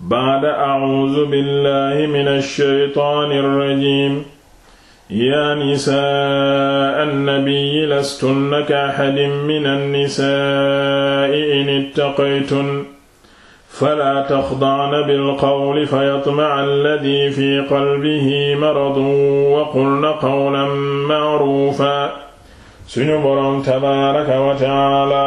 baada acuudu billahi min alshaytaan alrajim yaa nisaa annabiyi lastunna ka axadin min annisaai in ittaqaytun falaa taxdacna bilqawli fayatmaca alladi fi qalbihi maradun wa qulna qawlan macruufa suñu boroom tabaaraka wa tacaala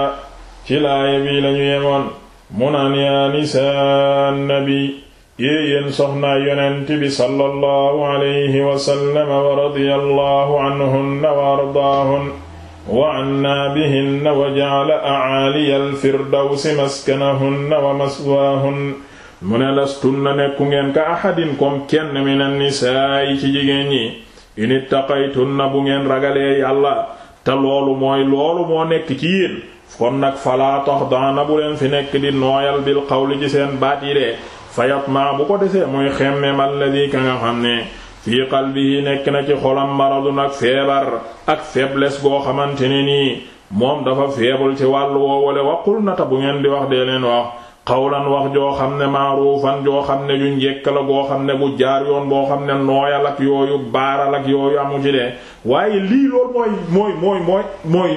ci laaya bi lañu yemoon mu naan yaa nisaa nabi yéeyéen soxnaa yonent bi sallallahu alayhi wasallam wa radiyallahu anhunna wa ardaahun wa annaa bihinna wa ja'ala a'aaliya alfirdawsi maskanahunna wa maswaahun mu ne lastunna nekku ngeen ka ahadin kom kenn min annisaayi ci jigéen ñi in ittaqaytunna bu ngeen ragalee yàlla te loolu mooy loolu moo nekk ci yéen kon nag falaa taxdaana bu leen fi nekk di nooyal bil xawli ci seen baat yi de fayatma bu ko desee muy xemmem alladi ka nga xam ne fii qalbihi nekk na ci xolam maradun ak feebar ak faiblesse goo xamante ne nii moom dafa feebul ci wàllu woowale waqul nata bu ngeen di wax dee leen wax xawlan wax joo xam ne maaruufan joo xam ne yuñ yekk la goo xam ne bu jaar yoon boo xam ne nooyal ak yooyu baaral ak yooyu amu ci de waaye lii loolu mooy mooy mooy mooy mooy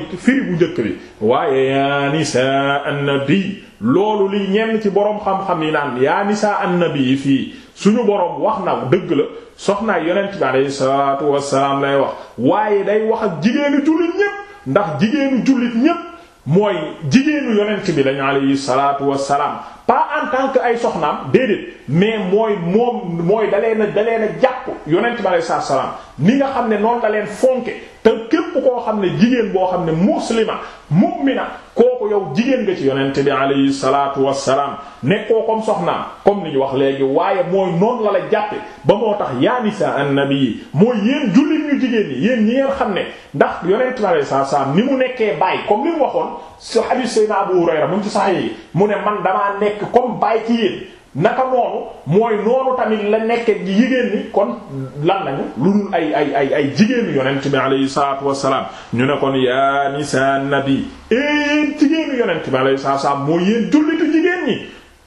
bu njëkk bi waaye yaa nisaa annabi loolu li ñenn ci boroom xam-xam yi naan yaa nisaa annabi fii suñu boroom wax na dëgg la soxnaa yonent bi alayhi salaatu wassalaam lay wax waaye day wax ak jigéenu jullit ñépp ndax jigéenu jullit ñépp mooy jigéenu yonent bi lañu alayhi salaatu wassalaam pas en tant que ay soxnaam déedéet mais mooy moom mooy dalee na dalee na jàpp yonent bi alayhi salaatu wassalaam ni nga xam ne noonu la leen fonke te képp koo xam ne jigéen boo xam ne muslima mu'mina kooku yow jigéen nga ci yonent bi alayhi salaatu wassalaam nekkoo comme soxnaam comme ni ñu wax léegi waaye mooy noonu la la jàppe ba moo tax yaa nisaa annabi mooy yéen jullit ñu jigéen ñi yéen ñi ngeen xam ne ndax yonent bi alayhi salaatu wassalaam ni mu nekkee baay comme ni waxoon su hadiis Seydina Abu Hurayra mu ci sax yi mu ne man damaa nekk comme baay ci yéen naka noonu mooy noonu tamit la nekke di jigéen ñi kon lan lañu lu dul ay ay ay ay jigéenu yonent bi alayhi salaatu wassalaam ñu ne kon yaa nisaa nabi yéen jigéenu yonent bi alayhi salaatu wassalaam mooy yéen jullitu jigéen ñi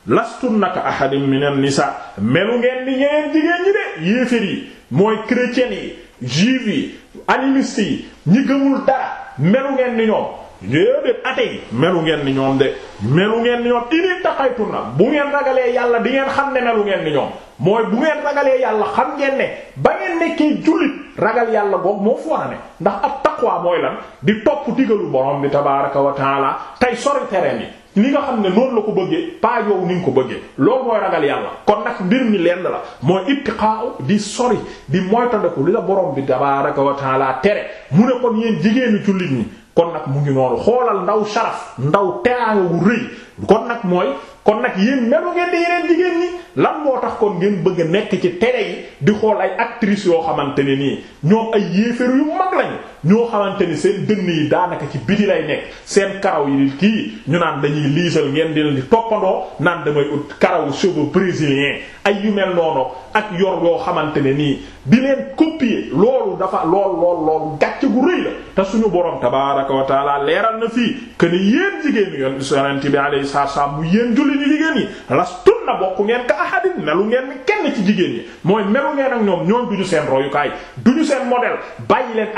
lastun naka ahadin minan nisa melu ngeen ni ñeneen jigéen ñi de yéefér yi mooy chrétiens yi juifs yi animistes yi ñi gëmul dara melu ngeen ni ñoom déedéet ate yi melu ngeen ni ñoom de melu ngeen ni ñoom ini taqaytu na bu ngeen ragalee yàlla di ngeen xam ne melu ngeen ni ñoom mooy bu ngeen ragalee yàlla xam ngeen ne ba ngeen nekkee jullit ragal yàlla goog moo fu war ne ndax ak taqwa mooy lan di topp digalu borom bi tabaraka wa taala tey sori terrain yi li nga xam ne noonu la ko bëggee pas yow ni nga ko bëggee loolu mooy ragal yàlla kon nag mbir mi lenn la mooy ittiqaa di sori di moytandiku li la borom bi tabaraka wa taala tere mu ne kon yéen jigéenu jullit ñi kon nag mu ngi noonu xoolal ndaw saraf ndaw teraanga bu rëy kon nag mooy kon nag yéen melu ngeen di yeneen jigéen ñi lan moo tax kon ngeen bëgg a nekk ci télé yi di xool ay actrices yoo xamante ne nii ñoom ay yéeféru yu mag lañu ñoo xamante ni seen dënn yi daanaka ci biti lay nekk seen karaw yi kii ñu naan dañuy liisal ngeen di leen toppandoo naan damay ut karawu cheveux brésilien ay yu mel noonu ak yor yoo xamante ne nii di leen copier loolu dafa lool lool lool gu rëy la te suñu borom tabaaraka wa taala leeral na fii ken yéen jigéenu yoon yonent bi alayhi salaam bu yéen julli ni jigéen yi lastun na bokku ngeen ka ahadin melu ngeen ni kenn ci jigéen yi mooy melu ngeen ak ñoom ñoom duñu seen royukaay duñu seen modèle bàyyi leen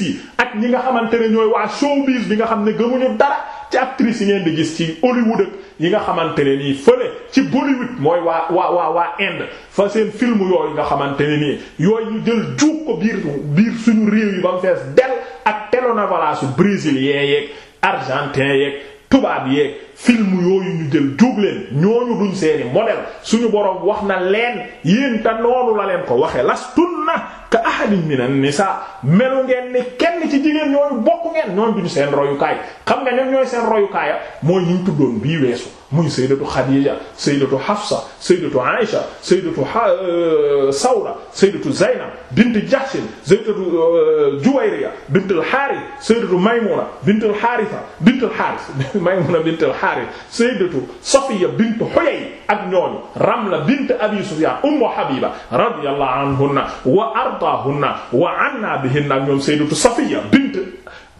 yi ak ñi nga xamante ne ñooy waa showbiz bi nga xam ne gëmuñu dara ci actrice yi ngeen di gis ci Hollywood ak yi nga xamante ne nii fële ci Bollywood mooy waa waa waa waa Inde fa seen film yooyu nga xamante ne nii yooyu ñu jël juug ko biir biir suñu réew yi ba mu fees del ak telenovelas su brésilien yeeg argentin yeeg tubaab yeeg film yooyu ñu jël jóg leen ñooñu duñ seeni modèle suñu boroom wax na leen yéen te noonu la leen ko waxe na ka ahadin minan nisa melu ngeen ni kenn ci jigéen ñooñu bokk ngeen ñooñu duñ seen royukaay xam nga ñoom ñooy seen royukaaya mooy ñu tuddoon bii weesu muy sayyidatu Khadija sayyidatu Hafsa sayyidatu Aisha sayyidatu euh, Sawda sayyidatu Zaynab bint Jahsh sayyidatu euh, Juwayriya bint al-Harith sayyidatu Maymuna bint al-Haritha bint al-Harith Maymuna bint al-Harith sayyidatu Safiya bint Huyay ak ñooñu Ramla bint Abi Sufyan Ummu Habiba radiyallahu anhunna wa ardaahunna wa anna bihinna ñoom sayyidatu Safiya bint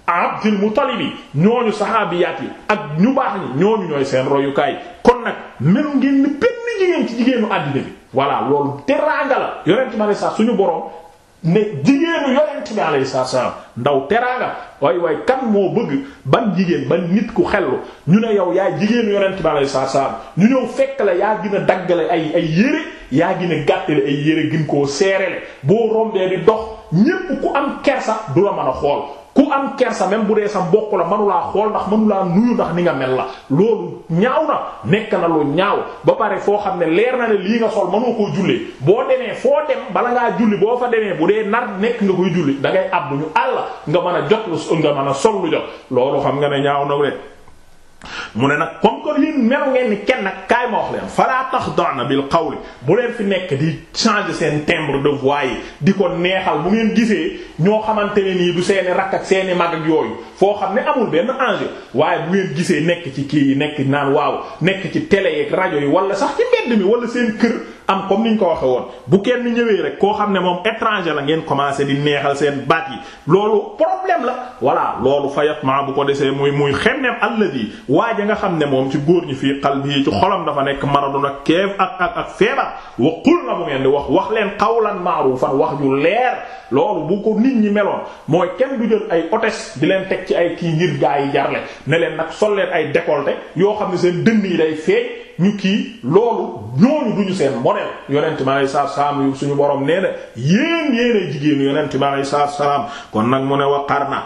Abdul Muttalib yi ñooñu saxaabiyaat yi ak ñu baax ñi ñooñu ñooy seen royukaay kon nag mel ngeen ni benn jigéen ci jigéenu àddina bi voilà loolu teraanga la yonent ma ne sax suñu borom ne jigéenu ndaw teraanga waay waay kan moo bëgg ban jigéen ban nit ku xellu ñu ne yow yaay jigéenu yonent bi alayhi salaam ñu ñëw fekk la yaa gën a daggale ay ay yére yaa gën a gàttale ay yére gin koo seerele boo rombee di dox ñépp ku am kersa du la mën a xool ku am kersa même bu dee sa mbokk la manulaa xool ndax manulaa nuyu ndax ni nga mel la loolu ñaaw na nekk na lu ñaaw ba pare foo xam ne leer na ne lii nga sol manoo koo jullee boo demee foo dem bala ngaa julli boo fa demee bu dee nar nekk nga koy julli da ngay abdu ñu àll nga mën a jot lu nga mën a sol lu jot loolu xam nga ne ñaaw na de mu ne nag comme que yéen mel ngeen kenn nag kaay ma wax leen fala taxda'na bil qawli bu leen fi nekk di changer seen tembre de voix di ko neexal bu ngeen gisee ñoo xamante ne nii du seeni rakk ak seeni mag ak yooyu foo xam ne amul benn enjeu waaye bu ngeen gisee nekk ci kii yi nekk naan waaw nekk ci télé yi rajo yi wala sax ci mbedd mi wala seen kër am comme ni ñu ko waxe woon bu kenn ñëwee rek koo xam ne moom étranger la ngeen commencé di neexal seen baat yi loolu problème la loolu fayat bu ko desee muy muy xemmeem alladi waaja nga xam ne moom ci góor ñi fii qalbi ci xolam dafa nekk maradun ak keef ak ak ak feebar wa qulna bu di wax wax leen qawlan ma'rufan wax ju leer loolu bu ko nit ñi meloon mooy kenn du jël ay hôtesse di leen ci ay kii ngir gaa yi jarle ne leen nag sol leen ay décolleté yoo xam ne seen dënn yi day feeñ ñu kii loolu ñooñu duñu seen modèle yonent bi aleyhi salaatu salaam suñu borom nee na yéen yéenay jigéenu yonent bi aleyhi salaatu salaam kon nag mu ne wa qarna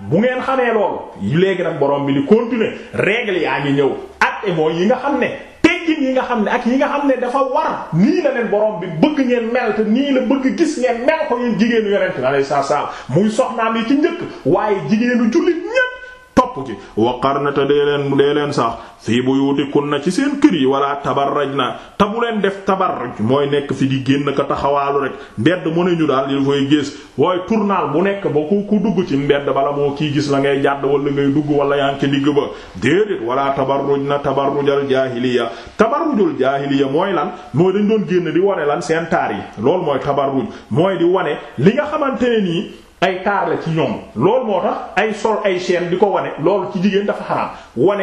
bu ngeen xamee loolu léegi nag borom bi li continuer règle yaa ngi ñëw at mooy yi nga xam ne teggin yi nga xam ne ak yi nga xam ne dafa war nii la leen borom bi bëgg ngeen mel te nii la bëgg gis ngeen mel ko yéen jigéenu yonent alayhi salaam muy soxnaam yi ci njëkk waaye jigéenu jullit topp na waqarnata dee leen dee leen sax fii na ci seen kër yi wala tabarrajna te bu leen def tabarruj mooy nekk fi di génn ka taxawaalu rek mbedd mu ne ñu daal il fooy gis waaye tournal bu nekk ba ku ku dugg ci mbedd bala moo kii gis la ngay jàdd wala ngay dugg wala yaa ngi ci digg ba déedéet wala tabarrujna tabarrujal jaahiliya tabarrujul jaahiliya mooy lan mooy dañ doon génn di wane lan seen taar yi loolu mooy tabarruj mooy di wane ay taar la ci ñoom lool moo tax ay sol ay chaîne di ko wane loolu ci jigéen dafa xaraam wane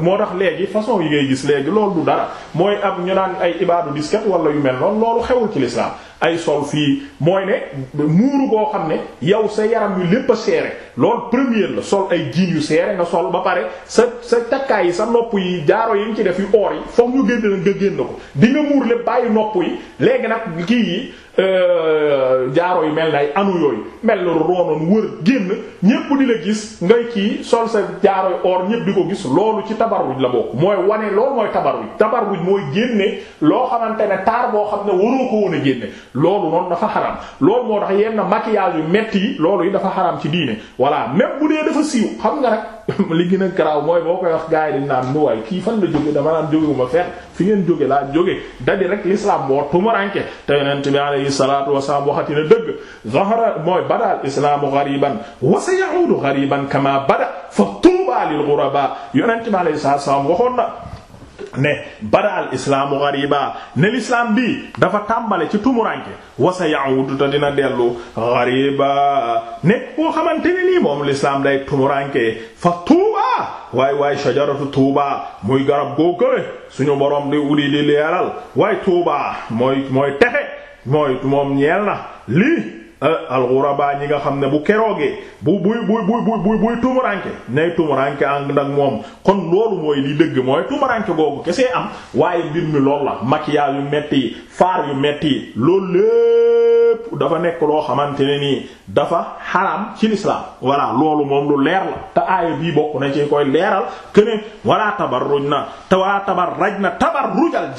moo tax léegi façon yi ngay gis léegi loolu du dara mooy ab ñu naan ay ibaadu disket wala yu mel noonu loolu xewul ci lislaam ay sol fii mooy ne muuru boo xam ne yow sa yaram yu lépp a seere loolu première la sol ay jiin yu seere nga sol ba pare sa sa takkaay yi sa nopp yi jaaro yi nga ci def yu oor yi foog ñu génn nga génn ko di nga muur lépp bàyyi nopp yi léegi Euh, jaaro yu mel ne ay anu yooyu mel ne roonoon wër génn ñépp di la gis ngay ci sol sa jaaro yu or ñépp di ko gis loolu ci tabarruj la bokk mooy wane loolu mooy tabarruj tabarruj mooy génne loo xamante ne taar boo xam ne waroo ko woon a génne loolu noonu dafa xaram loolu moo tax yenn maquillage yu metti yi loolu yi dafa xaram ci diine voilà même bu dee dafa siiw xam nga rek li gën mooy boo koy wax gars yi dañ naan nuwaay kii fan la jóge dama naan jóge ma feex fi ngeen jóge laa jóge dadi rek l'islam boo tumaranke te yonent bi alayhi salatu wasalaam waxati na dëgg zahara mooy bada fa tuuba lil ghuraba yonent bi alayhi salatu wasalaam waxoon na ne badaal islaamu ghariba ne l'islam bi dafa tàmbale ci tumuranke wasa ya'udu ta dina dellu ghariba ne koo xamante nii moom l'islam day tumuranke fa tuuba waay waay shajaratu tuuba muy garab goo gële suñu borom di uli di leeral waay tuuba mooy mooy texe mooy moom ñeel na lii Euh, alxurabaa ñi nga xam ne bu keroogee bu buy buy buy buy buy tumuranke nay tumuranke ànd ak moom kon loolu mooy li dëgg mooy tumuranke googu kese am waaye mbir mi lool la maquillage yu metti yi faar yu metti yi loolu lépp dafa nekk loo xamante ne nii dafa xaram ci lislaam voilà loolu moom lu leer la te aaya bii bokk nañ ci koy leeral que ne tabar tabarruj na te tabar tabarraj na tabarrujal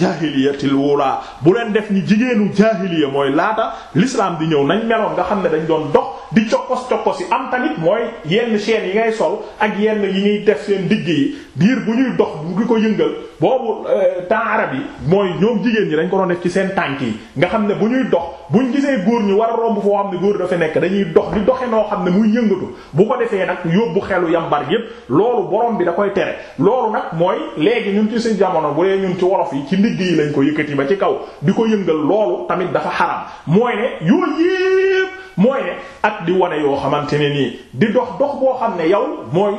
lu wula bu leen def ni jigéenu jaahiliya mooy laata lislaam di ñëw nañ meloon nga xam ne dañ doon dox di cokkos cokkos yi am tamit mooy yenn chaîne yi ngay sol ak yenn yi ngay def seen digg yi biir bu ñuy dox bu ngi ko yëngal boobu euh, temps arab yi mooy ñoom jigéen ñi dañ ko doon def ci seen tànk yi nga xam ne bu ñuy dox ñu gisee góor ñi war a romb foo xam ne góor dafa nekk dañuy dox di doxe noo xam ne muy yëngatu bu ko defee nag yóbbu xelu yambar yépp loolu borom bi da koy tere loolu nag mooy léegi ñun ci seen jamono bu ñun ci wolof yi ci ndigg yi lañ ko yëkkati ba ci kaw di ko yëngal loolu tamit dafa xaram mooy ne yooyu yépp mooy ne ak di wane yoo xamante ne nii di dox dox boo xam ne yow mooy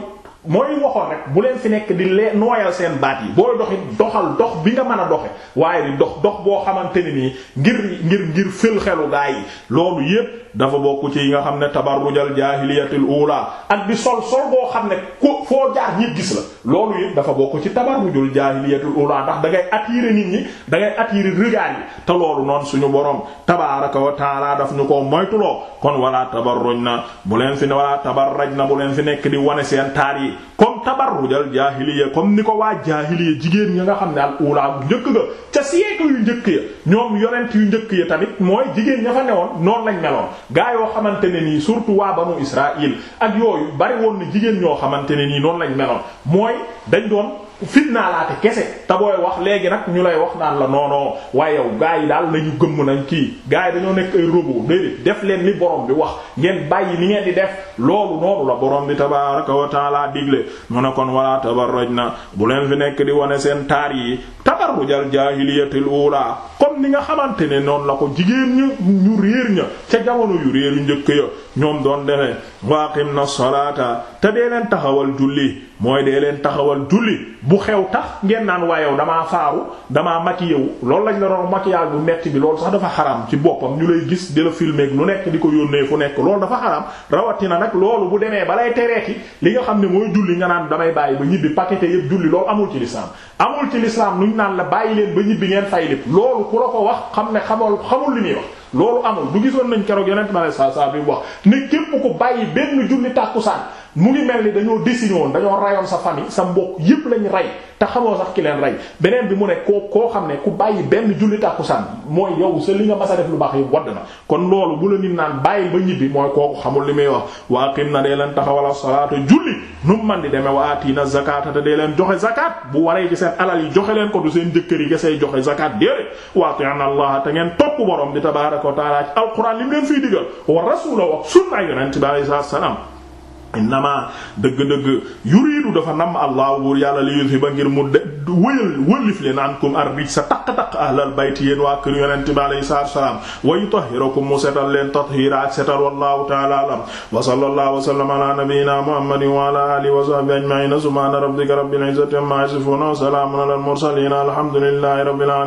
mooy waxoon rek bu leen fi nekk di lee nooyal seen baat yi booy doxi doxal dox bi nga mën a doxe waaye di dox dox boo xamante ne nii ngir ngir ngir fël xelu gaa yi loolu yépp dafa bokk ci yi nga xam ne tabarrujal jaahiliyatil uulaa ak di sol sol boo xam ne ko foo jaar ñi gis la loolu yépp dafa bokk ci tabarrujul jaahiliyatil uulaa ndax dangay ngay attirer nit ñi da ngay attirer regard yi te loolu noonu suñu borom tabaaraka wa taala daf ñu ko moytuloo kon wala tabarruj na bu leen fi ne wala tabarraj na bu leen fi nekk di wane seen taar yi comme tabar tabarrujal jaahiliya comme ni ko waa jaahiliya jigéen ñi nga xam ne al ula bu njëkk ga ca siècle yu njëkk ya ñoom yonent yu njëkk ya tamit mooy jigéen ña fa newoon noonu lañ meloon gaa yoo xamante ne nii surtout waa banu Israël ak yooyu bari woon na jigéen ñoo xamante ne nii noonu lañ meloon mooy dañ doon fitnaalaate kese te booy wax léegi nag ñu lay wax naan la non non waaye yow gars yi daal nañu gëmm nañ kii gars yi dañoo nekk ay robot déedéet def leen li borom bi wax ngeen bàyyi ni ngeen di def loolu noonu la borom bi tabaaraka wa taala digle mu ne kon wala na bu leen fi nekk di wane seen taar yi tabarrujal jaahiliyatil uulaa comme ni nga xamante ne noonu la ko jigéen ñu ñu réer ña ca jamono yu réer yu njëkk ya ñoom doon defee waaqim na salaata te dee taxawal julli mooy dee leen taxawal julli bu xew tax ngeen naan waa yow damaa faaru damaa maquillé loolu lañ la doon maquillage bu metti bi loolu sax dafa xaram ci boppam ñu lay gis di la filmer lu nekk di ko yónnee fu nekk loolu dafa xaram rawatina nag loolu bu demee balay tereeti li nga xam ne mooy julli nga naan damay bàyyi ba ñibbi paqueté yépp julli loolu amul ci lislaam amul ci lislaam ñu naan la bàyyi leen ba ñibbi ngeen fay lépp loolu ku la ko wax xam ne xamul xamul li muy wax loolu amul du gisoon nañ keroog yonent ma la saa saa bi wax ne képp ko bàyyi benn julli tàkkusaan mu ngi mel ni dañoo désigné woon dañoo rayoon sa famille sa mbokk yépp lañ rey te xamoo sax ki leen rey beneen bi mu ne koo koo xam ne ku bàyyi benn julli tàkkusaan mooy yow sa li nga mas a def lu baax yi wadd na kon loolu bu la nit naan bàyyi ba ñibbi mooy kooku xamul li muy wax waa qim na dee leen taxawala salaata julli nu man di demee wa aatiina zakata te dee leen joxe zakat bu waree ci seen alal yi joxe leen ko du seen jëkkër yi gesey joxe zakat déedéet waati'na allah te ngeen topp borom di tabaaraka wa ta'aala ci alquran li mu leen fiy digal wa rasulahu wa sunna yonent bi innama dëgg-dëgg yuriidu dafa nam allah buur yàlla li yuthiba ngir mu de wëyal wëllif leen ankum arbij sa taq-taq ahlal bayt yéen waa kër yonent bi alayhi salaatu wassalaam wa yutahhirakum mu setal leen tathiira ak setal wallahu ta'ala a'lam wa sallallahu wa sallama ala nabiyyina muhammadin wa ala alihi wa sahbihi ajma'in subhana rabbika rabbil izzati amma yasifun wa salamun alal mursalin alhamdulillahi rabbil alamin